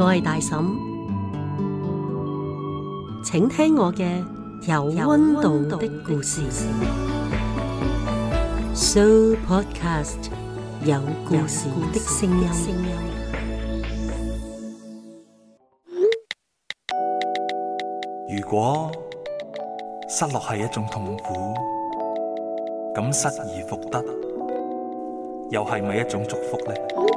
我係大嬸，請聽我嘅有温度的故事，Show Podcast 有故事的聲音。如果失落係一種痛苦，咁失而復得，又係咪一種祝福呢？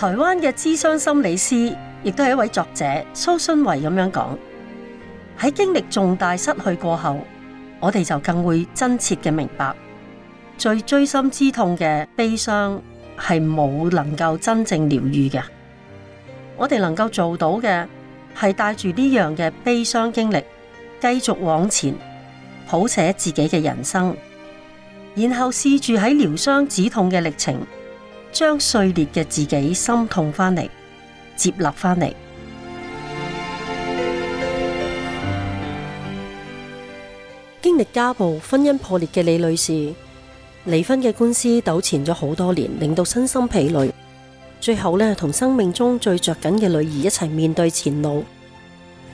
台灣嘅諮商心理師亦都係一位作者蘇絢慧咁樣講：喺經歷重大失去過後，我哋就更會真切嘅明白，最錐心之痛嘅悲傷係冇能夠真正療癒嘅。我哋能夠做到嘅係帶住呢樣嘅悲傷經歷，繼續往前譜寫自己嘅人生，然後試住喺療傷止痛嘅歷程。將碎裂嘅自己心痛翻嚟，接納翻嚟。經歷家暴、婚姻破裂嘅李女士，離婚嘅官司糾纏咗好多年，令到身心疲累。最後呢，同生命中最着緊嘅女兒一齊面對前路。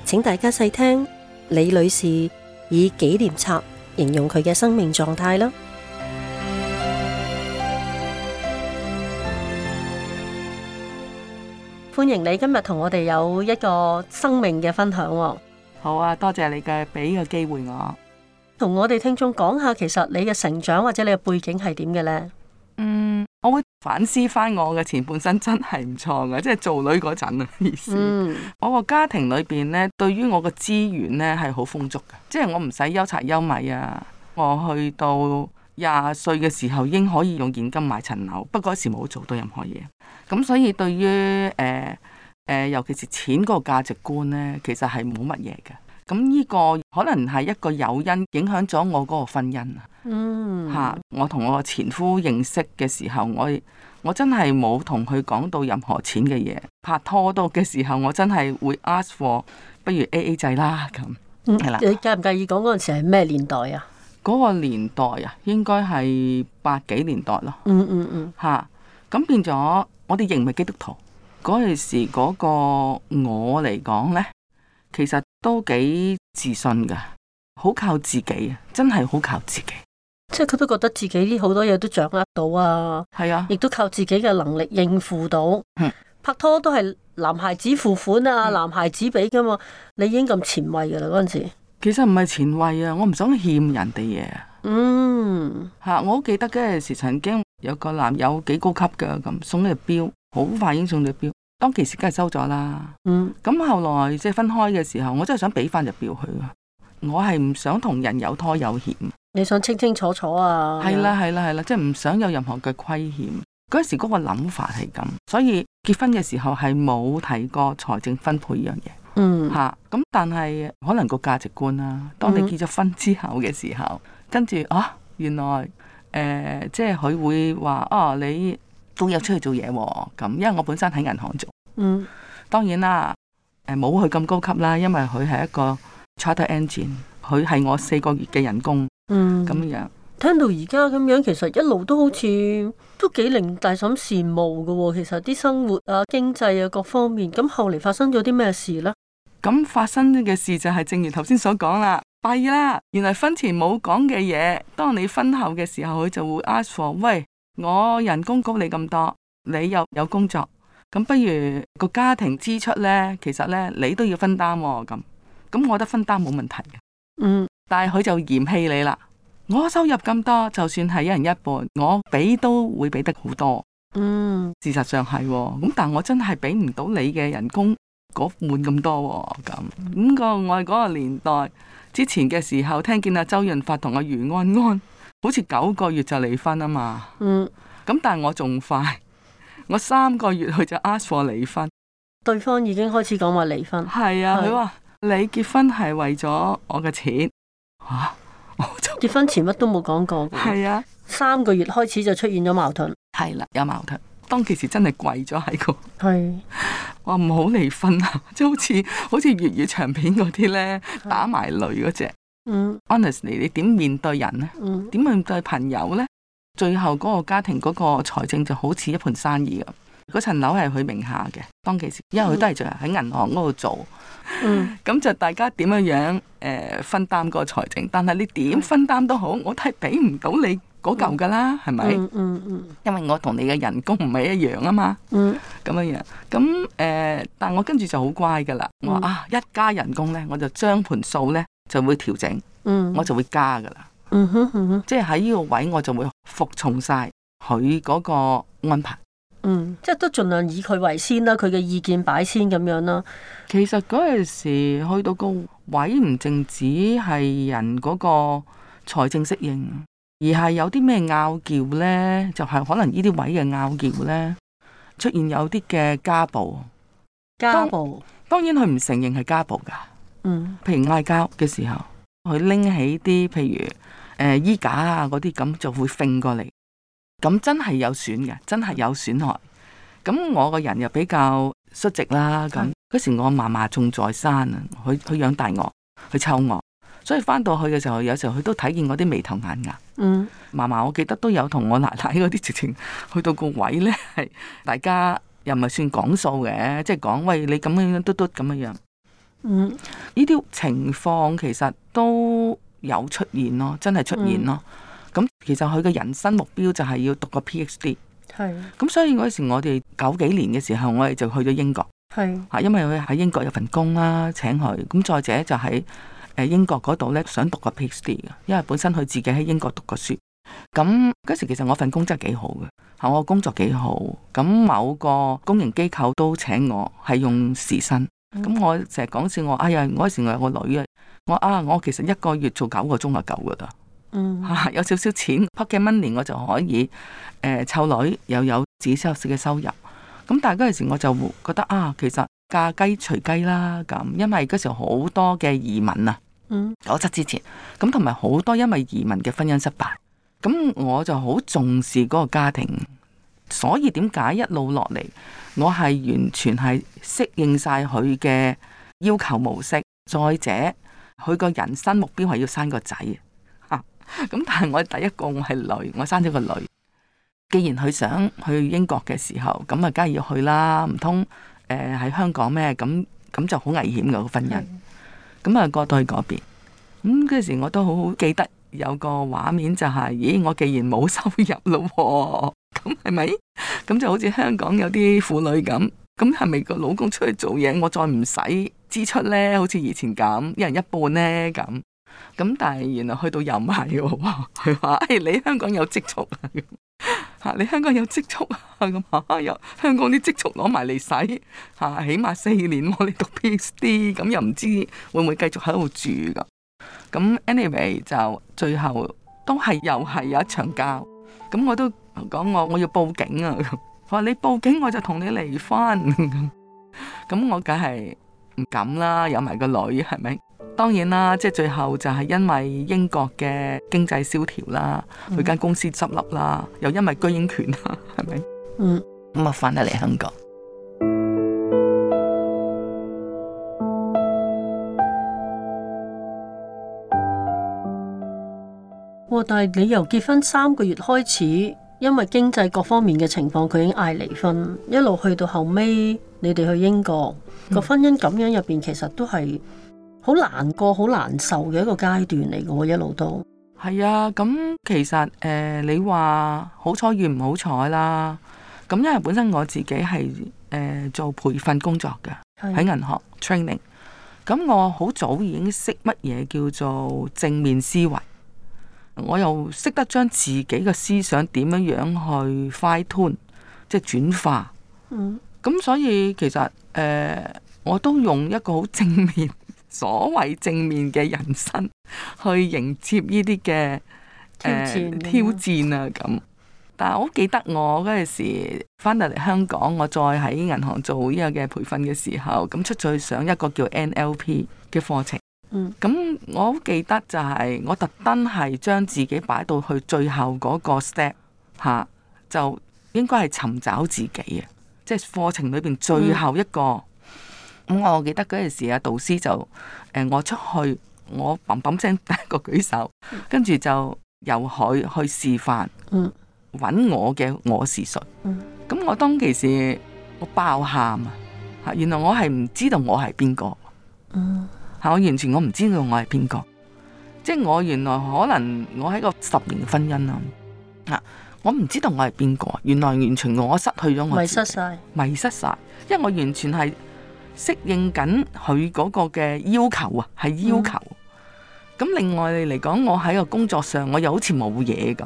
請大家細聽，李女士以紀念冊形容佢嘅生命狀態啦。歡迎你今日同我哋有一個生命嘅分享哦。好啊，多謝你嘅俾個機會我，同我哋聽眾講下，其實你嘅成長或者你嘅背景係點嘅呢？嗯，我會反思翻我嘅前半生真係唔錯嘅，即係做女嗰陣啊。意思，嗯，我個家庭裏邊呢，對於我嘅資源呢，係好豐足嘅，即係我唔使憂柴憂米啊。我去到廿歲嘅時候，已經可以用現金買層樓，不過嗰時冇做到任何嘢。咁所以對於誒誒、呃呃，尤其是錢嗰個價值觀咧，其實係冇乜嘢嘅。咁呢個可能係一個誘因影響咗我嗰個婚姻、嗯、啊。嗯。嚇，我同我個前夫認識嘅時候，我我真係冇同佢講到任何錢嘅嘢。拍拖多嘅時候，我真係會 ask for，不如 A A 制啦咁。嗯，係啦。你介唔介意講嗰陣時係咩年代啊？嗰個年代啊，應該係八幾年代咯。嗯嗯嗯。嚇、嗯，咁、嗯啊、變咗。我哋仍唔係基督徒，嗰陣時嗰個我嚟講呢，其實都幾自信噶，好靠自己啊，真係好靠自己。自己即係佢都覺得自己好多嘢都掌握到啊，係啊，亦都靠自己嘅能力應付到。嗯，拍拖都係男孩子付款啊，嗯，男孩子俾噶嘛，你已經咁前衛噶啦嗰陣時。其實唔係前衛啊，我唔想欠人哋嘢啊。嗯，吓， 我都記得嗰陣時曾經。有個男友幾高級噶，咁送咗隻錶，好快已經送咗隻錶。當其時梗係收咗啦。嗯，咁後來即係、就是、分開嘅時候，我真係想俾翻隻錶佢。我係唔想同人有拖有險。你想清清楚楚啊？係啦係啦係啦，即係唔想有任何嘅虧欠。嗰時嗰個諗法係咁，所以結婚嘅時候係冇睇過財政分配呢樣嘢。嗯，吓咁、啊，但係可能個價值觀啦、啊。當你結咗婚之後嘅時候，嗯、跟住啊，原來。誒、呃，即係佢會話哦，你都有出去做嘢喎、哦。咁因為我本身喺銀行做，嗯，當然啦，誒冇佢咁高級啦，因為佢係一個 chartered engineer，佢係我四個月嘅人工，嗯，咁樣。聽到而家咁樣，其實一路都好似都幾令大嬸羨慕嘅喎、哦。其實啲生活啊、經濟啊各方面，咁後嚟發生咗啲咩事呢？咁發生嘅事就係正如頭先所講啦。係啦，原來婚前冇講嘅嘢，當你婚後嘅時候，佢就會 ask for 喂，我人工高你咁多，你又有，有工作咁，不如個家庭支出呢，其實呢，你都要分擔咁、哦，咁我覺得分擔冇問題。嗯，但係佢就嫌棄你啦。我收入咁多，就算係一人一半，我俾都會俾得好多。嗯，事實上係咁、哦，但我真係俾唔到你嘅人工嗰半咁多咁、哦。咁、咁個我喺嗰個年代。之前嘅時候聽見阿周潤發同阿余安安好似九個月就離婚啊嘛，咁、嗯、但係我仲快，我三個月去就 ask 過離婚，對方已經開始講話離婚。係啊，佢話是你結婚係為咗我嘅錢。吓、啊，結婚前乜都冇講過。係啊，三個月開始就出現咗矛盾，係啦、啊，有矛盾。當其時真係跪咗喺個，哇唔是好離婚啊！即係好似好似粵語長片嗰啲咧，是打埋雷嗰隻。嗯，Honestly，你點面對人呢？嗯，點面對朋友呢？最後嗰個家庭嗰個財政就好似一盤生意咁，嗰層樓係佢名下嘅。當其時，因為佢都係在喺銀行嗰度做。嗯 嗯，咁就大家點樣樣誒、呃、分擔個財政，但係你點分擔都好，我係俾唔到你嗰嚿噶啦，係咪、嗯嗯？嗯嗯，嗯，嗯，嗯因為我同你嘅人工唔係一樣啊嘛。嗯，咁樣樣，咁、嗯、誒，但係我跟住就好乖噶啦。我話啊，一加人工咧，我就將盤數咧就會調整。嗯，我就會加噶啦。即係喺呢個位我就會服從晒佢嗰個安排。嗯，即係都儘量以佢為先啦，佢嘅意見先擺先咁樣啦。其實嗰陣時去到個位唔淨止係人嗰個財政適應，而係有啲咩拗撬呢？就係、是、可能呢啲位嘅拗撬呢，出現有啲嘅家暴。家暴，當，當然佢唔承認係家暴㗎。嗯譬，譬如嗌交嘅時候，佢拎起啲譬如誒衣架啊嗰啲咁，就會揈過嚟。咁真係有損嘅，真係有損害。咁我個人又比較率直啦。咁嗰時我嫲嫲仲在生，啊，佢佢養大我，佢湊我，所以翻到去嘅時候，有時候佢都睇見我啲眉頭眼牙。嗯，嫲嫲我記得都有同我奶奶嗰啲直情去到個位呢，係 大家又唔係算講數嘅，即係講，喂，你咁樣樣嘟嘟咁樣樣。嗯，呢啲情況其實都有出現咯，真係出現咯。嗯咁其實佢嘅人生目標就係要讀個 PhD，係是。咁、嗯、所以嗰時我哋九幾年嘅時候，我哋就去咗英國，係是。吓，因為佢喺英國有份工啦、啊，請佢。咁再者就喺誒英國嗰度咧，想讀個 PhD，因為本身佢自己喺英國讀過書。咁、嗯、嗰時其實我份工真係幾好嘅，吓我工作幾好。咁、嗯、某個公營機構都請我，係用時薪。咁、嗯、我成日講笑我，哎呀，我嗰時我有個女啊，我啊，我其實一個月做九個鐘就夠㗎喇。嗯， 有少少錢，pocket money 我就可以誒湊、呃、女，又有自己收入嘅收入。咁但係嗰陣時我就覺得啊，其實嫁雞隨雞啦咁，因為嗰時好多嘅移民啊，嗯、九七之前，咁同埋好多因為移民嘅婚姻失敗，咁我就好重視嗰個家庭。所以點解一路落嚟，我係完全係適應晒佢嘅要求模式。再者，佢個人生目標係要生個仔。咁但係我第一個我係女，我生咗個女。既然佢想去英國嘅時候，咁啊梗係要去啦，唔通誒喺香港咩？咁咁就好危險㗎個婚姻。咁啊過到去嗰邊，咁嗰時我都好好記得有個畫面就係、是，咦我既然冇收入咯，啊，咁係咪？咁 就好似香港有啲婦女咁，咁係咪個老公出去做嘢，我再唔使支出咧？好似以前咁，一人一半咧咁。咁但係原來去到又唔係喎，佢話，誒你香港有積蓄啊，吓你香港有積蓄，有蓄啊，咁又香港啲積蓄攞埋嚟使吓，起碼四年我哋讀 PSD，咁又唔知會唔會繼續喺度住噶。咁 anyway 就最後都係又係有一場交，咁我都講，我我要報警啊，佢話你報警我就同你離婚，咁 我梗係唔敢啦，有埋個女係咪？當然啦，即係最後就係因為英國嘅經濟蕭條啦，佢間、嗯、公司執笠啦，又因為居英權啦，係咪？嗯，嗯，咁啊翻咗嚟香港。哇！但係你由結婚三個月開始，因為經濟各方面嘅情況，佢已經嗌離婚，一路去到後尾，你哋去英國個婚姻咁樣入邊，其實都係。好難過，好難受嘅一個階段嚟，嘅我一路都係啊。咁其實誒、呃，你話好彩與唔好彩啦。咁因為本身我自己係誒、呃、做培訓工作嘅，喺銀是行 training。咁我好早已經識乜嘢叫做正面思維，我又識得將自己嘅思想點樣樣去 fine tune 即係轉化。嗯，咁所以其實誒、呃，我都用一個好正面。所謂正面嘅人生，去迎接呢啲嘅挑戰啊！挑戰啊咁、嗯。但係我好記得我嗰陣時翻到嚟香港，我再喺銀行做呢個嘅培訓嘅時候，咁出咗去上一個叫 NLP 嘅課程。嗯。咁我好記得就係、是、我特登係將自己擺到去最後嗰個 step 嚇、啊，就應該係尋找自己啊！即、就、係、是、課程裏邊最後一個。嗯。咁、嗯、我記得嗰陣時，阿導師就誒、呃，我出去，我砰砰聲第一個舉手，跟住就由佢去示範，揾、嗯、我嘅我是誰。咁、嗯、我當其時我爆喊啊！吓，原來我係唔知道我係邊個吓，嗯、我完全我唔知道我係邊個，即係、嗯、我原來可能我喺個十年嘅婚姻啊吓，我唔知道我係邊個，原來完全我失去咗我迷失晒迷失晒，因為我完全係。適應緊佢嗰個嘅要求啊，係要求。咁、嗯、另外嚟講，我喺個工作上，我又好似冇嘢咁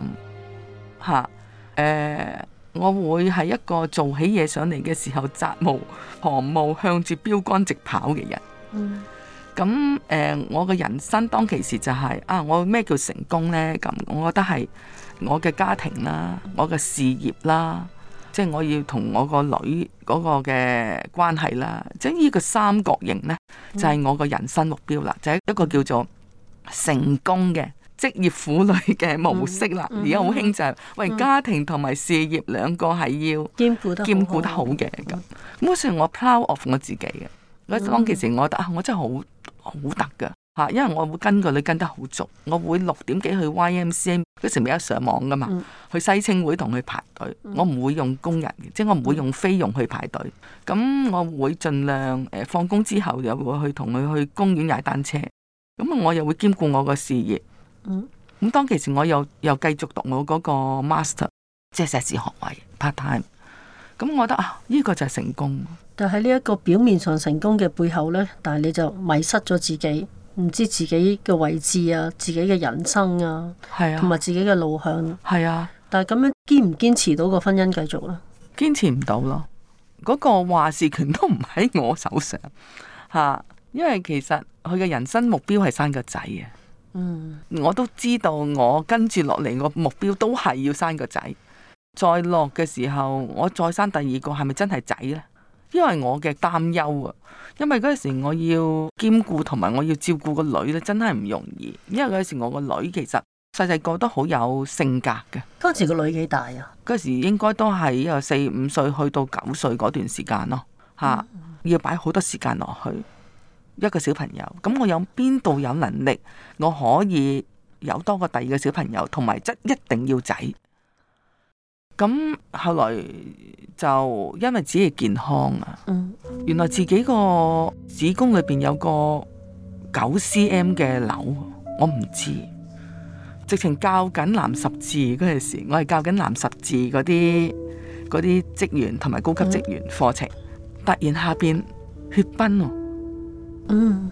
嚇。誒、啊呃，我會係一個做起嘢上嚟嘅時候，責無旁騖，向住標杆直跑嘅人。咁誒、嗯呃，我嘅人生當其時就係、是、啊，我咩叫成功呢？咁我覺得係我嘅家庭啦，我嘅事業啦。即係我要同我女個女嗰個嘅關係啦，即係呢個三角形咧就係、是、我個人生目標啦，就係、是、一個叫做成功嘅職業婦女嘅模式啦。而家好興就係、是、喂家庭同埋事業兩個係要、嗯、兼顧得兼顧得好嘅咁。咁所以、嗯、我 proud of 我自己嘅。嗰當其時我覺得啊，我真係好好得噶。因為我會跟個女跟得好足，我會六點幾去 YMCA，嗰時未有上網噶嘛，嗯、去西青會同佢排隊，嗯、我唔會用工人嘅，即係、嗯、我唔會用菲傭去排隊。咁我會盡量誒，、呃、放工之後又會去同佢去公園踩單車。咁我又會兼顧我個事業。嗯，咁當其時我又又繼續讀我嗰個 master，即係碩士學位 part time。咁我覺得啊，依、呢個就係成功。但喺呢一個表面上成功嘅背後呢，但係你就迷失咗自己。唔知自己嘅位置啊，自己嘅人生啊，係啊，同埋自己嘅路向，係啊。但係咁樣堅唔堅持到個婚姻繼續呢？堅持唔到咯，嗰個話事權都唔喺我手上吓，因為其實佢嘅人生目標係生個仔啊。嗯，我都知道，我跟住落嚟，個目標都係要生個仔。再落嘅時候，我再生第二個，係咪真係仔呢？因為我嘅擔憂啊。因為嗰陣時我要兼顧同埋我要照顧個女咧，真係唔容易。因為嗰陣時我個女其實細細個都好有性格嘅。當時個女幾大啊？嗰時應該都係由四五歲去到九歲嗰段時間咯，吓，要擺好多時間落去一個小朋友。咁我有邊度有能力，我可以有多個第二個小朋友，同埋則一定要仔。咁後來就因為自己健康啊，嗯、原來自己個子宮裏邊有個九 cm 嘅瘤，我唔知。直情教緊藍十字嗰陣時，我係教緊藍十字嗰啲嗰啲職員同埋高級職員課程，嗯、突然下邊血崩。嗯，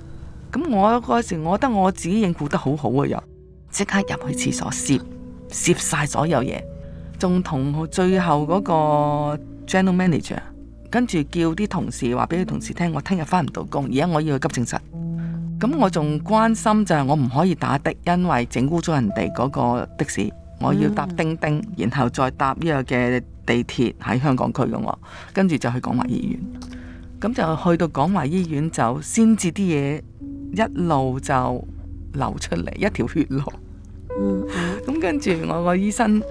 咁我嗰時我覺得我自己應付得好好啊，又即刻入去廁所攝攝晒所有嘢。仲同學最後嗰個 general manager，跟住叫啲同事話俾佢同事聽，我聽日返唔到工，而家我要去急症室。咁我仲關心就係我唔可以打的，因為整污咗人哋嗰個的士，我要搭叮叮，然後再搭呢個嘅地鐵喺香港區嘅我，跟住就去廣華醫院。咁就去到廣華醫院就先至啲嘢一路就流出嚟一條血路。 嗯，咁 跟住我個醫生。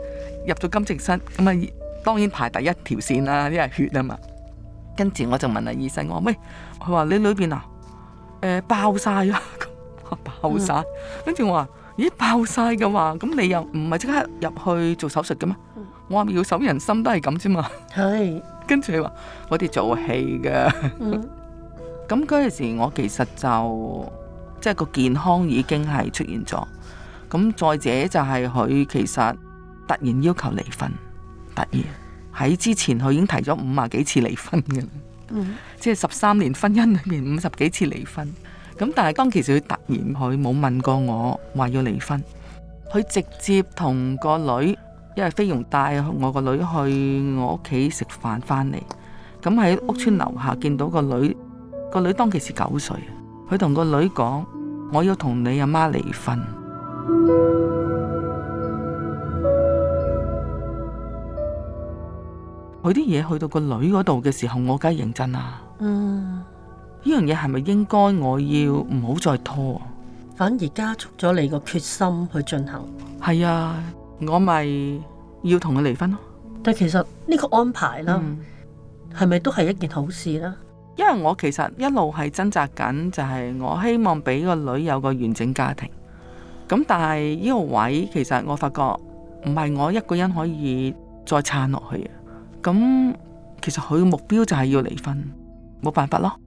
入咗急症室咁啊，當然排第一條線啦，因為血啊嘛。跟住我就問阿醫生，我話喂，佢話你裏邊啊，誒爆晒啊，爆晒。跟 住了、嗯、我話，咦，爆晒嘅話，咁你又唔係即刻入去做手術嘅咩？嗯、我話要手人心都係咁啫嘛。係 是，跟住佢話我哋做戲嘅。咁嗰陣時，我其實就即係個健康已經係出現咗。咁再者就係佢其實。突然要求離婚，突然喺之前佢已經提咗五十幾次離婚嘅，mm hmm. 即係十三年婚姻裏面五十幾次離婚。咁但係當其時佢突然佢冇問過我話要離婚，佢直接同個女，因為菲傭帶我個女去我屋企食飯返嚟，咁喺屋村樓下見到個女，個女當其時九歲，佢同個女講，我要同你阿媽離婚。佢啲嘢去到個女嗰度嘅時候，我梗係認真、嗯、啦。嗯，呢樣嘢係咪應該我要唔好再拖？反而加速咗你個決心去進行。係啊，我咪要同佢離婚咯，啊。但其實，呢個安排啦，係咪、嗯、都係一件好事咧？因為我其實一路係掙扎緊，就係我希望俾個女有個完整家庭。咁但係呢個位其實，我發覺，唔係，我一個人可以再撐落去。咁其實佢嘅目標就係要離婚，冇辦法咯。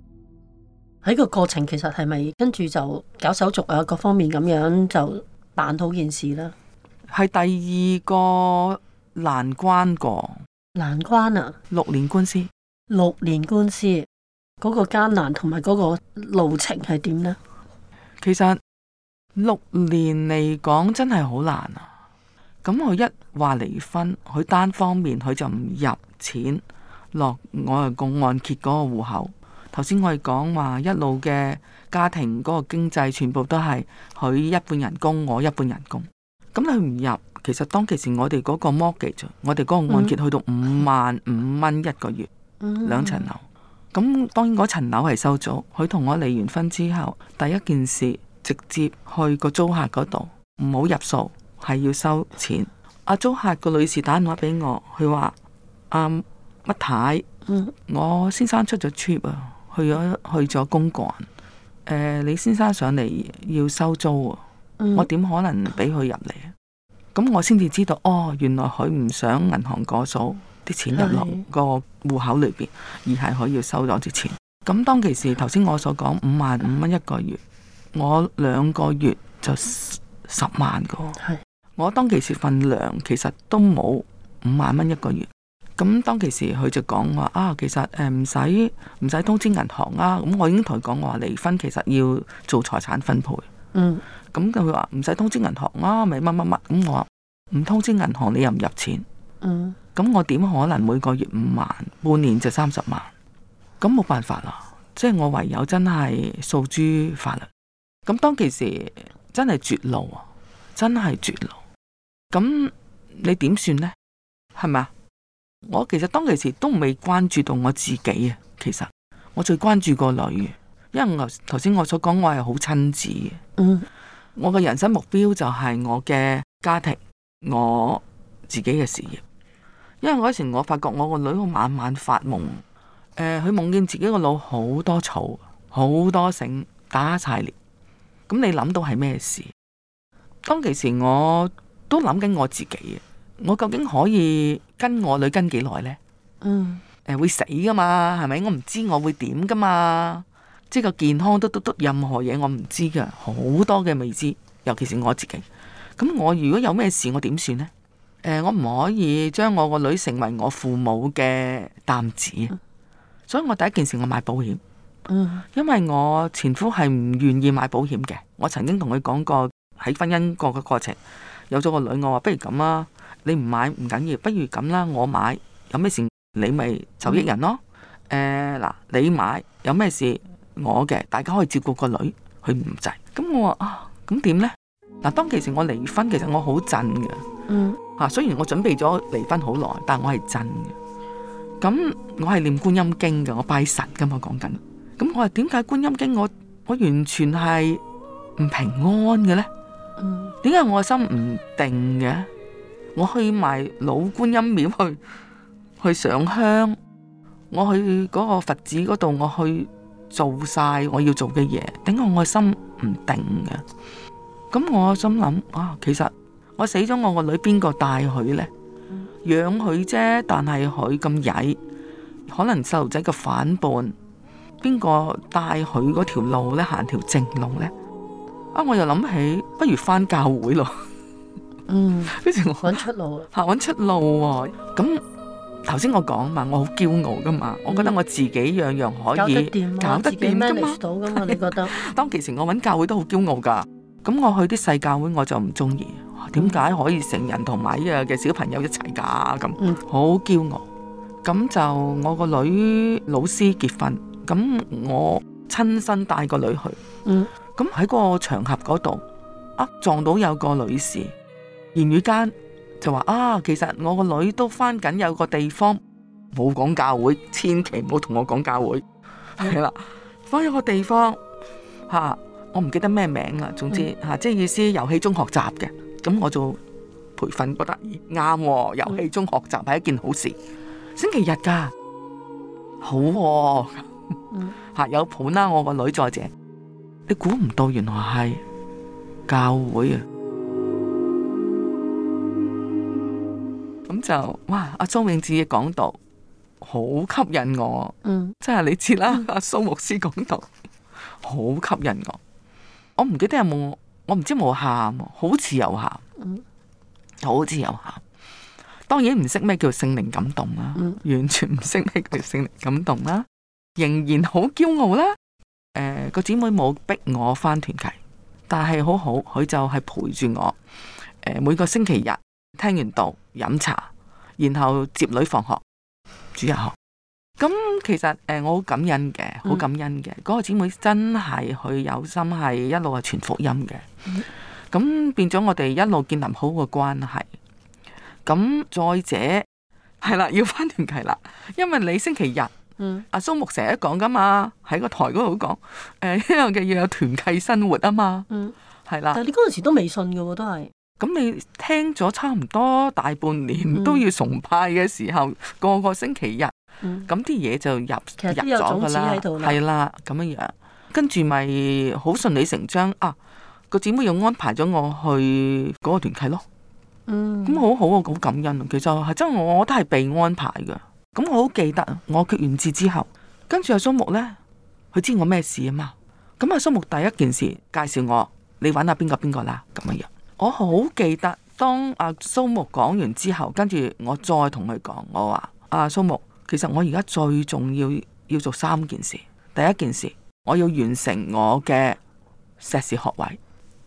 喺個過程其實係咪跟住就搞手續啊，各方面咁樣就辦好件事啦？係第二個難關，過難關啊！六年官司，六年官司嗰個艱難同埋嗰個路程係點呢？其實六年嚟講真係好難啊！咁我一話離婚，佢單方面佢就唔入錢落我個按揭嗰個戶口。頭先我哋講話一路嘅家庭嗰個經濟全部都係佢一半人工，我一半人工。咁佢唔入，其實當其時我哋嗰個 mortgage，我哋嗰個按揭去到五萬五蚊一個月，mm hmm. 兩層樓。咁當然嗰層樓係收咗。佢同我離完婚之後，第一件事直接去個租客嗰度，唔好入數。係要收錢。阿租客個女士打電話俾我，佢話：阿、um, 乜太，嗯、我先生出咗 trip 啊，去咗去咗公幹。誒、呃，你先生上嚟要收租啊，我點可能俾佢入嚟啊？咁、嗯、我先至知道，哦，原來佢唔想銀行過數啲錢入落個戶口裏邊，是而係佢要收咗啲錢。咁當其時頭先我所講五萬五蚊一個月，我兩個月就十萬個。我當其時份糧其實都冇五萬蚊一個月，咁當其時佢就講話啊，其實誒唔使唔使通知銀行啊，咁我已經同佢講我話離婚其實要做財產分配，嗯，咁佢話唔使通知銀行啊，咪乜乜乜，咁我話唔通知銀行你又唔入錢，嗯，咁我點可能每個月五萬，半年就三十萬，咁冇辦法啦，即係我唯有真係訴諸法律，咁當其時真係絕路啊，真係絕路。咁你點算呢？係咪？我其實當其時都未關注到我自己啊。其實我最關注個女，因為我頭先我所講，我係好親子嘅。嗯、我嘅人生目標就係我嘅家庭，我自己嘅事業。因為嗰時我發覺我個女，我晚晚發夢，佢、呃、夢見自己個腦好多草好多繩打晒裂。咁你諗到係咩事？當其時我。都諗緊我自己，我究竟可以跟我女跟幾耐呢？嗯，會死噶嘛？係咪？我唔知我會點噶嘛？即個健康都都都任何嘢，我唔知噶，好多嘅未知，尤其是我自己。咁我如果有咩事，我點算呢？呃，我唔可以將我個女成為我父母嘅擔子，嗯，所以我第一件事我買保險。嗯，因為我前夫係唔願意買保險嘅，我曾經同佢講過喺婚姻個個過程。有咗個女，我話不如咁啊！你唔買唔緊要，不如咁啦，我買，有咩事你咪就益人咯。誒、呃、嗱，你買有咩事我嘅，大家可以照顧個女，佢唔制。咁、嗯、我話啊，咁點呢？嗱，當其時我離婚，其實我好震嘅。嗯。嚇，雖然我準備咗離婚好耐，但我係震嘅。咁、嗯、我係念觀音經嘅，我拜神嘅、嗯，我講緊。咁我話點解觀音經我我完全係唔平安嘅呢？點解我心唔定嘅？我去埋老觀音廟去去上香，我去嗰個佛寺嗰度，我去做晒我要做嘅嘢。點解我心唔定嘅？咁我心諗啊，其實我死咗，我個女邊個帶佢呢？養佢啫，但係佢咁曳，可能細路仔嘅反叛，邊個帶佢嗰條路呢？行條正路呢？ 啊！我又諗起，不如翻教會咯。 嗯，於是揾出路咯。嚇、 嗯，揾出路喎！咁頭先我講嘛，我好驕傲噶嘛，我覺得我自己樣樣可以，搞得掂嘛。有咩到噶嘛？你覺得？當其時我揾教會都好驕傲噶。咁 我， 我去啲細教會，我就唔中意。點 解可以成人同埋呢樣嘅小朋友一齊㗎咁？ 嗯、 好驕傲。咁 就我個女老師結婚，咁 我親身帶個女去。嗯。 咁喺個場合嗰度啊，撞到有個女士，言語間就話啊，其實我個女都翻緊有個地方，冇講教會，千祈唔好同我講教會，係 啦，翻有個地方吓、啊，我唔記得咩名啊，總之吓，即、啊、係意思遊戲中學習嘅，咁我就培訓覺得啱，遊、啊、戲中學習係一件好事，星期日噶，好、啊，吓 有盤啦、啊，我個女在者。你估唔到，原來係教會啊！咁 就哇，阿、啊、蘇永志嘅講道好吸引我，嗯，即係你知啦，阿蘇牧師講道好吸引我。我唔記得有冇，我唔知冇喊，好似有喊、嗯，好似有喊。 當然唔識咩叫聖靈感動啦，完全唔識咩叫聖靈感動啦，仍然好驕傲啦。誒，個姊、呃、妹冇逼我返團契，但係好好，佢就係陪住我、呃。每個星期日聽完道飲茶，然後接女放學主日學。咁其實誒、呃，我好感恩嘅，好感恩嘅。嗰、嗯、個姊妹真係佢有心，係一路係全福音嘅。咁、嗯、變咗我哋一路建立好嘅關係。咁再者係啦，要返團契啦，因為你星期日。阿蘇、嗯啊、木成日都講噶嘛，喺個台嗰度都講，誒、哎，一樣嘅要有團契生活啊嘛，嗯，係啦的。但係你嗰陣時都未信嘅，都係。咁、嗯、你聽咗差唔多大半年都要崇拜嘅時候，個個星期日，咁啲嘢就入入咗噶啦，係啦，咁樣樣，跟住咪好順理成章啊，個姊妹又安排咗我去嗰個團契咯，嗯，咁好好啊，好感恩啊，其實係真，我都係被安排嘅。咁、嗯、我好記得，我決完志之後，跟住阿蘇木呢，佢知我咩事啊嘛？咁阿蘇木第一件事介紹我，你揾下邊個邊個啦咁樣樣。我好記得，當阿蘇木講完之後，跟住我再同佢講，我話阿蘇木，其實我而家最重要要做三件事。第一件事，我要完成我嘅碩士學位，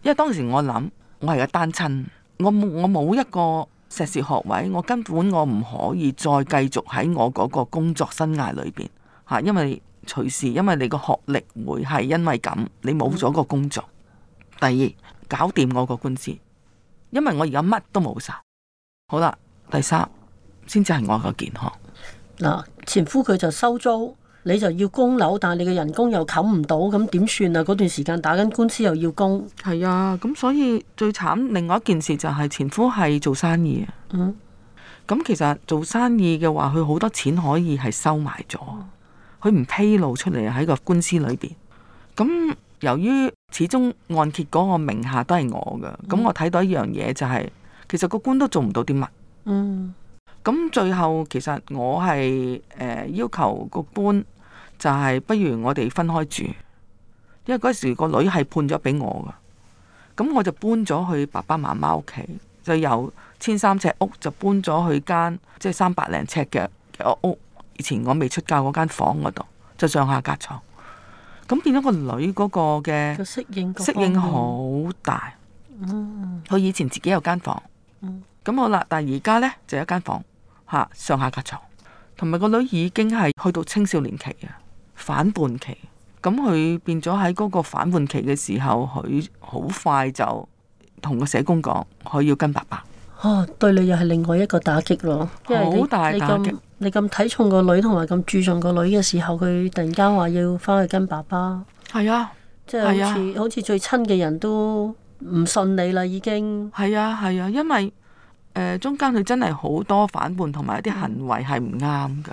因為當時我諗，我係個單親，我冇我冇一個。碩士學位，我根本我唔可以再繼續喺我嗰個工作生涯裏邊吓，因為隨時因為你個學歷會係，因為咁，你冇咗個工作。第二，搞掂我個官司，因為我而家乜都冇晒。好啦，第三先至係我個健康。嗱，前夫佢就收租。你就要供樓，但係你嘅人工又冚唔到，咁點算啊？嗰段時間打緊官司又要供，係啊。咁所以最慘，另外一件事就係前夫係做生意啊。咁、嗯、其實做生意嘅話，佢好多錢可以係收埋咗，佢唔、嗯、披露出嚟喺個官司裏邊。咁由於始終按揭嗰個名下都係我嘅，咁我睇到一樣嘢就係、是、其實個官都做唔到啲乜。嗯。咁最後其實我係誒、呃、要求個官。就係不如我哋分開住，因為嗰時個女係判咗俾我噶，咁我就搬咗去爸爸媽媽屋企，就由千三尺屋就搬咗去間即係三百零尺嘅屋。以前我未出嫁嗰間房嗰度就上下隔牀，咁變咗個女嗰個嘅適應適應好大。佢以前自己有間房，咁好啦，但係而家呢，就有一間房嚇上下隔牀，同埋個女已經係去到青少年期啊！反叛期，咁佢變咗喺嗰個反叛期嘅時候，佢好快就同個社工講，佢要跟爸爸。哦、啊，對你又係另外一個打擊咯，好、即係、大打擊你，你咁睇重個女同埋咁注重個女嘅時候，佢突然間話要翻去跟爸爸。係啊，即係好似、啊、最親嘅人都唔信你啦，已經。係啊係啊，啊，因為、呃、中間佢真係好多反叛同埋一啲行為係唔啱噶。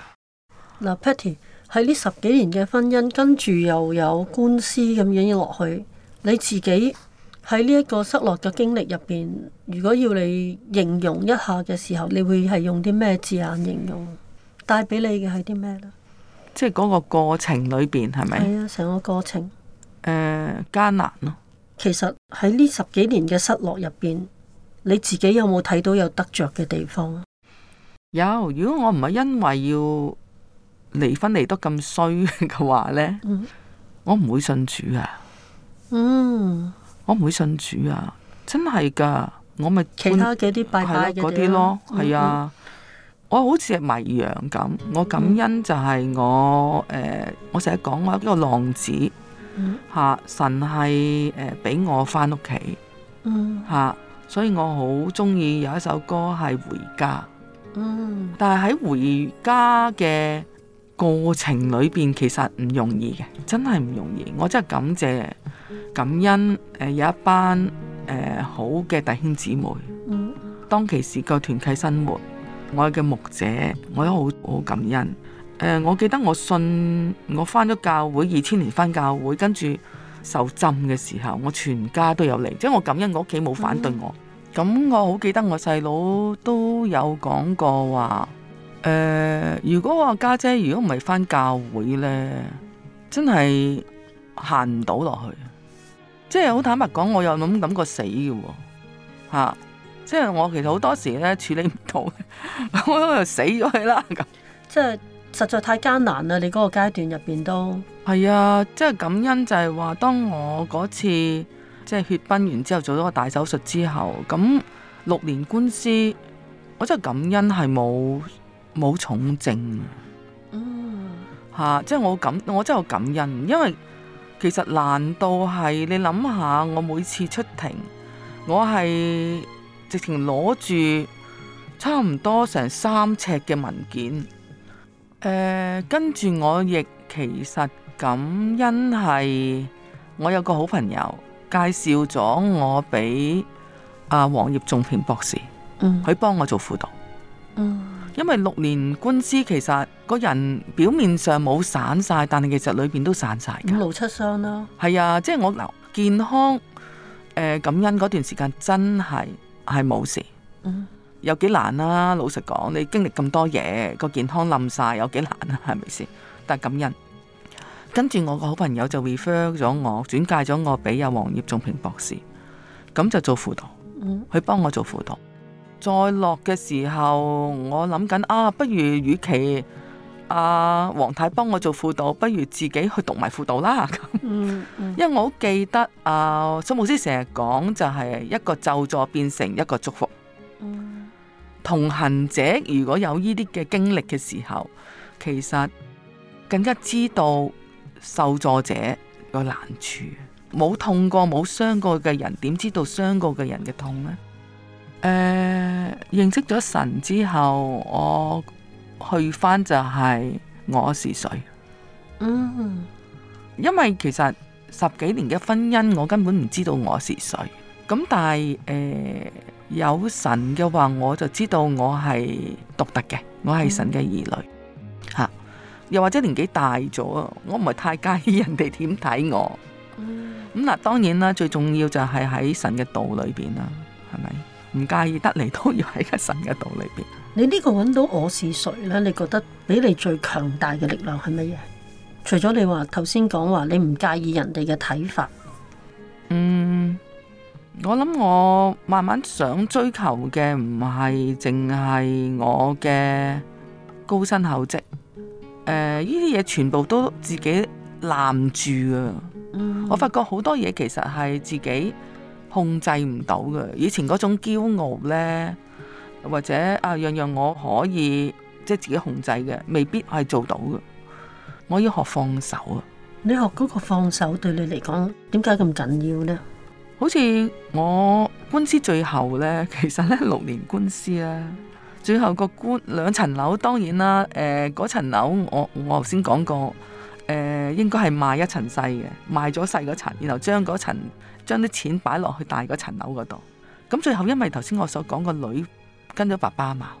嗱、啊、Patty。喺呢十幾年嘅婚姻，跟住又有官司咁樣要落去，你自己喺呢一個失落嘅經歷入邊，如果要你形容一下嘅時候，你會係用啲咩字眼形容？帶俾你嘅係啲咩呢？即係嗰個過程裏邊係咪？係啊，成個過程，誒、呃，艱難咯、啊。其實喺呢十幾年嘅失落入邊，你自己有冇睇到有得着嘅地方？有，如果我唔係因為要。離婚離得咁衰嘅話呢，嗯、我唔會信主啊。嗯，我唔會信主啊，真係噶，我咪其他嘅啲拜拜嘅啲的咯。係啊，我好似係迷羊咁，嗯、我感恩就係我誒、呃，我成日講我一個浪子，吓、嗯啊，神係誒俾我返屋企吓，所以我好中意有一首歌係回家。嗯嗯、但係喺回家嘅。過程裏邊其實唔容易嘅，真係唔容易。我真係感謝感恩誒，有一班誒、呃、好嘅弟兄姊妹。嗯。當其時個團契生活，我嘅牧者我都好好感恩。誒、呃，我記得我信我翻咗教會二千年翻教會，跟住受浸嘅時候，我全家都有嚟，即係我感恩我屋企冇反對我。咁我好記得我細佬都有講過話。誒、呃，如果我阿家姐，姐如果唔係返教會呢，真係行唔到落去。即係好坦白講，我有諗感覺死嘅喎，吓、啊，即係我其實好多時咧處理唔到， 我諗就死咗佢啦咁。即 係實在太艱難啦，你嗰個階段入邊都係啊！即係感恩就係話，當我嗰次即係血崩完之後做咗個大手術之後，咁六年官司，我真係感恩係冇。冇重症、mm. 啊，即係我感我真係有感恩，因為其實難度係你諗下，我每次出庭，我係直情攞住差唔多成三尺嘅文件，呃、跟住我亦其實感恩係我有個好朋友介紹咗我俾阿黃葉仲平博士，佢、mm. 幫我做輔導，mm. Mm. 因為六年官司，其實個人表面上冇散晒，但係其實裏邊都散晒。五勞七傷啦，係啊，即係我嗱健康誒、呃、感恩嗰段時間真係係冇事。嗯、有幾難啊？老實講，你經歷咁多嘢，個健康冧晒，有幾難啊？係咪先？但感恩，跟住我個好朋友就 refer 咗我，轉介咗我俾阿黃葉仲平博士，咁就做輔導，佢幫我做輔導。嗯嗯再落嘅時候，我諗緊啊，不如與其阿黃、啊、太幫我做輔導，不如自己去讀埋輔導啦。咁， 因為我好記得啊，蘇牧師成日講，就係一個咒詛變成一個祝福。嗯、同行者如果有呢啲嘅經歷嘅時候，其實更加知道受助者個難處。冇痛過、冇傷過嘅人，點知道傷過嘅人嘅痛呢？誒、呃，認識咗神之後，我去返就係我是誰。嗯、mm，hmm. 因為其實十幾年嘅婚姻，我根本唔知道我是誰。咁但係誒、呃、有神嘅話，我就知道我係獨特嘅，我係神嘅兒女。吓、mm，hmm. 又或者年紀大咗，我唔係太介意人哋點睇我。嗯、mm，咁嗱，當然啦，最重要就係喺神嘅道裏邊啦，係咪？唔介意得嚟都要喺個神嘅道裏邊。你呢個揾到我是誰呢？你覺得俾你最強大嘅力量係乜嘢？除咗你話頭先講話，你唔介意人哋嘅睇法。嗯，我諗我慢慢想追求嘅唔係淨係我嘅高薪厚職。誒、呃，呢啲嘢全部都自己攬住啊。嗯、我發覺好多嘢其實係自己控制唔到嘅，以前嗰種驕傲呢，或者啊樣樣我可以即係自己控制嘅，未必係做到嘅。我要學放手啊！你學嗰個放手對你嚟講點解咁緊要呢？好似我官司最後呢，其實呢六年官司啦、啊，最後個官兩層樓當然啦，誒、呃、嗰層樓我我頭先講過，誒、呃、應該係賣一層細嘅，賣咗細嗰層，然後將嗰層。將啲錢擺落去大嗰層樓嗰度。咁最後，因為頭先我所講個女跟咗爸爸嘛，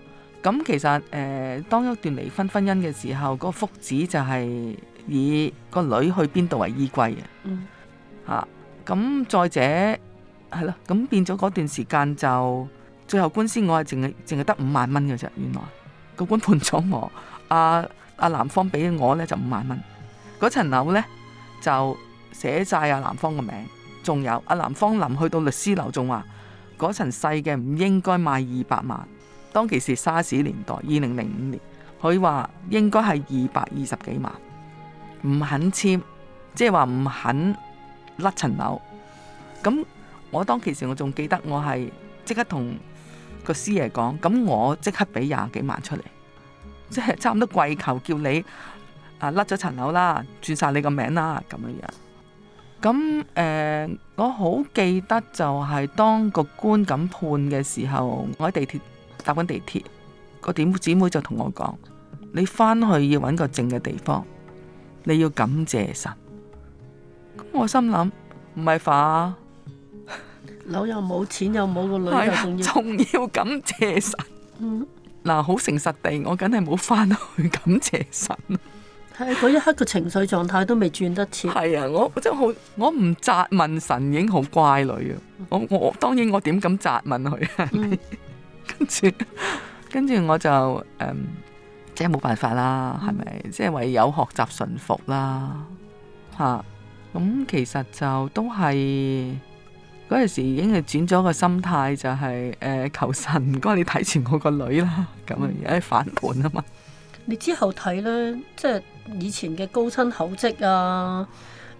咁其實誒、呃、當一段離婚婚姻嘅時候，個福祉就係以個女去邊度為依歸嘅嚇。咁、嗯啊、再者係咯，咁變咗嗰段時間就最後官司我，我係淨係淨係得五萬蚊嘅啫。原來個官判咗我阿阿男方俾我咧就五萬蚊，嗰層樓咧就寫晒阿男方個名。仲有阿南方林去到律師樓，仲話嗰層細嘅唔應該賣二百萬。當其時沙士年代二零零五年，佢話應該係二百二十幾萬，唔肯簽，即係話唔肯甩層樓。咁我當其時我仲記得，我係即刻同個師爺講，咁我即刻俾廿幾萬出嚟，即係差唔多跪求叫你啊甩咗層樓啦，轉晒你個名啦咁樣樣。咁誒、呃，我好記得就係當個官咁判嘅時候，我喺地鐵搭緊地鐵，個點姊妹就同我講：你翻去要揾個靜嘅地方，你要感謝神。咁我心諗唔係化，樓又冇錢又冇個女，仲要仲要感謝神。嗱、嗯， 好誠實地，我梗係冇翻去感謝神。睇一刻嘅情緒狀態都未轉得切。係 啊，我真係好，我唔責問神已經好乖女啊。我我當然我點敢責問佢啊、嗯？ 跟住跟住我就誒、嗯，即係冇辦法啦，係咪？嗯、即係唯有學習順服啦。吓、啊、咁、嗯嗯、其實就都係嗰陣時已經係轉咗個心態、就是，就係誒求神唔該你睇住我個女啦。咁啊，而家反叛啊嘛。嗯、 你之後睇咧，即係。以前嘅高薪厚職啊，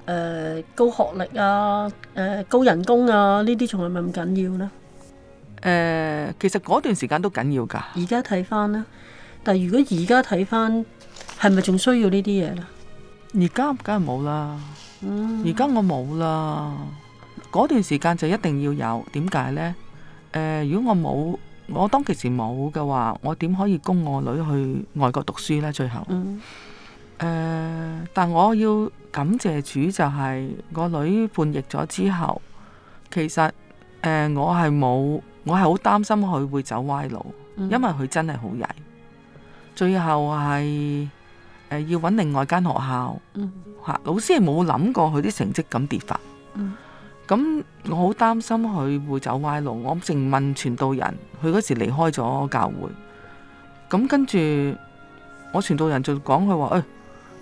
誒、呃、高學歷啊，誒、呃、高人工啊，有有呢啲仲係咪咁緊要咧？誒、呃，其實嗰段時間都緊要噶而家睇翻咧，但係如果而家睇翻，係咪仲需要呢啲嘢咧？而家梗係冇啦，而家、嗯、我冇啦。嗰段時間就一定要有，點解呢？誒、呃，如果我冇，我當其時冇嘅話，我點可以供我女去外國讀書呢？最後。嗯誒、呃，但我要感謝主就係個女叛逆咗之後，其實誒我係冇，我係好擔心佢會走歪路，嗯、因為佢真係好曳。最後係誒、呃、要搵另外間學校，吓、嗯啊、老師係冇諗過佢啲成績咁跌法，咁、嗯、我好擔心佢會走歪路。我淨問傳道人，佢嗰時離開咗教會，咁跟住我傳道人就講佢話誒。欸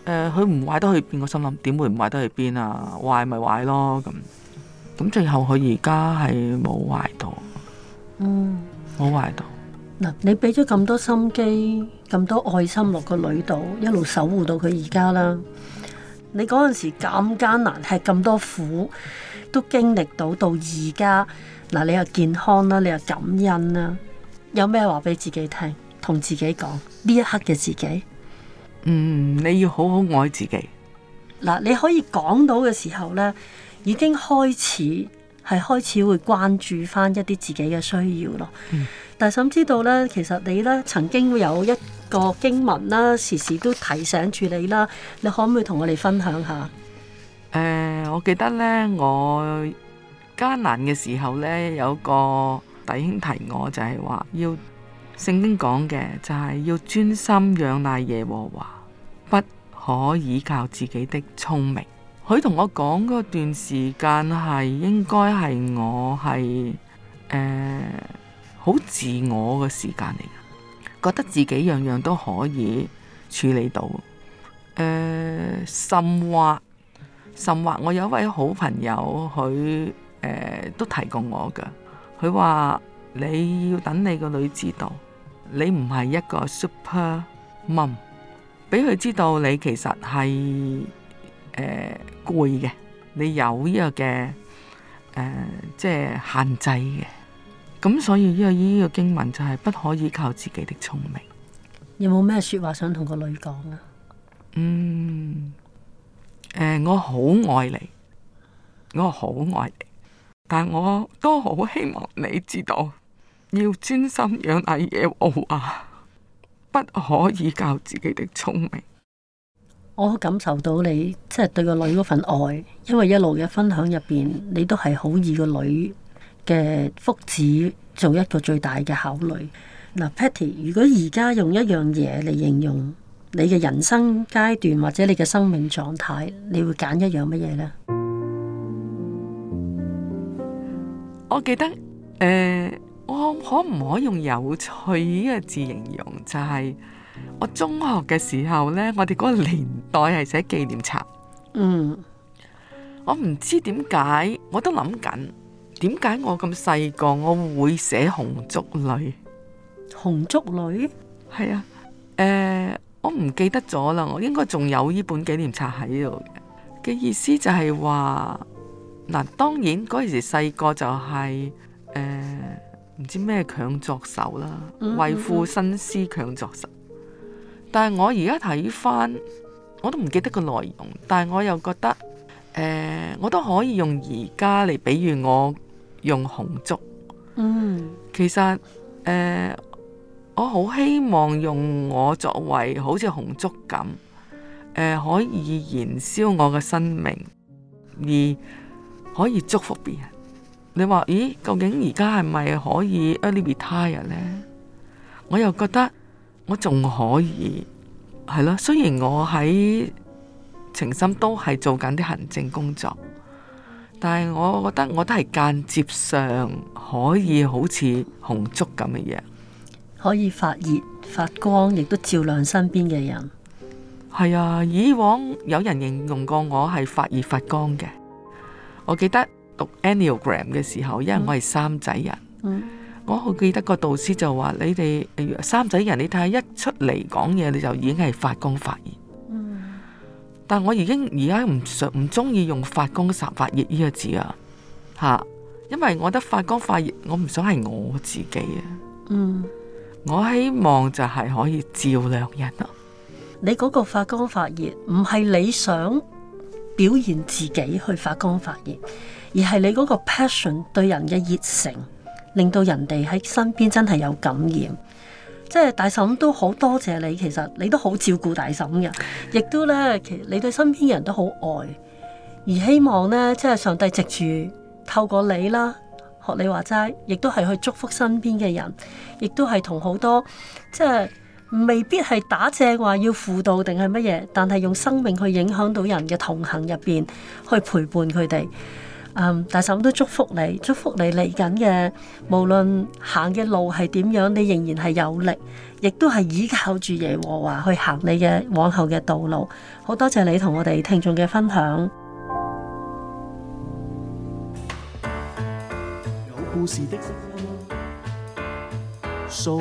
誒，佢唔壞得去邊？個心諗點會唔壞得去邊啊？壞咪壞咯，咁咁最後佢而家係冇壞到，嗯，冇壞到。嗱，你俾咗咁多心機、咁多愛心落個女度，一路守護到佢而家啦。你嗰陣時咁艱難，係咁多苦都經歷到，到而家嗱，你又健康啦，你又感恩啦，有咩話俾自己聽？同自己講呢一刻嘅自己。嗯，你要好好愛自己。嗱，你可以講到嘅時候呢，已經開始係開始會關注返一啲自己嘅需要咯。嗯，但係想知道呢，其實你呢曾經有一個經文啦，時時都提醒住你啦。你可唔可以同我哋分享下？誒、呃，我記得呢，我艱難嘅時候呢，有個弟兄提我，就係話要聖經講嘅，就係要專心仰賴耶和華，不可以靠自己的聰明。佢同我講嗰段時間係應該係我係誒好自我嘅時間嚟，覺得自己樣樣都可以處理到。誒甚或甚或，甚或我有一位好朋友，佢誒、呃、都提過我㗎。佢話你要等你個女知道，你唔係一個 super mom。俾佢知道你其實係誒攰嘅，你有呢個嘅誒、呃、即係限制嘅。咁所以呢、呢個呢、呢個經文就係不可以靠自己的聰明。有冇咩説話想同個女講啊？嗯，誒、呃、我好愛你，我好愛你，但我都好希望你知道要專心養大野啊！不可以教自己的聰明。我感受到你即係對個女嗰份愛，因為一路嘅分享入邊，你都係好以個女嘅福祉做一個最大嘅考慮。嗱，Patty，如果而家用一樣嘢嚟形容你嘅人生階段或者你嘅生命狀態，你會揀一樣乜嘢呢？我記得誒。呃我可唔可以用有趣呢個字形容？就係、是、我中學嘅時候呢，我哋嗰個年代係寫紀念冊。嗯，我唔知點解，我都諗緊點解我咁細個我會寫紅燭女。紅燭女係啊，誒、呃，我唔記得咗啦。我應該仲有呢本紀念冊喺度嘅意思就係話嗱，當然嗰陣時細個就係、是、誒。呃唔知咩強作手啦，為富新思強作手。但係我而家睇返，我都唔記得個內容。但係我又覺得，誒、呃，我都可以用而家嚟，比喻我用紅燭。嗯，其實誒、呃，我好希望用我作為好似紅燭咁，誒、呃，可以燃燒我嘅生命，而可以祝福別人。你話咦，究竟而家係咪可以 early retire 呢？我又覺得我仲可以係咯。雖然我喺情深都係做緊啲行政工作，但係我覺得我都係間接上可以好似紅燭咁嘅嘢，可以發熱發光，亦都照亮身邊嘅人。係啊，以往有人形容過我係發熱發光嘅，我記得。讀 Enneagram 嘅時候，因為我係三仔人，嗯、我好記得個導師就話：嗯、你哋三仔人，你睇下一出嚟講嘢你就已經係發光發熱。業嗯、但我已經而家唔想唔中意用發光發熱呢個字啊，嚇，因為我覺得發光發熱我唔想係我自己啊。嗯，我希望就係可以照亮人咯。你嗰個發光發熱唔係你想表現自己去發光發熱。而係你嗰個 passion 對人嘅熱誠，令到人哋喺身邊真係有感染。即係大嬸都好多謝你，其實你都好照顧大嬸嘅，亦都咧，其你對身邊人都好愛。而希望咧，即係上帝藉住透過你啦，學你話齋，亦都係去祝福身邊嘅人，亦都係同好多即係未必係打正話要輔導定係乜嘢，但係用生命去影響到人嘅同行入邊，去陪伴佢哋。.嗯，um, 大嬸都祝福你，祝福你嚟緊嘅，無論行嘅路係點樣，你仍然係有力，亦都係倚靠住耶和華去行你嘅往後嘅道路。好多謝你同我哋聽眾嘅分享。有故事的、so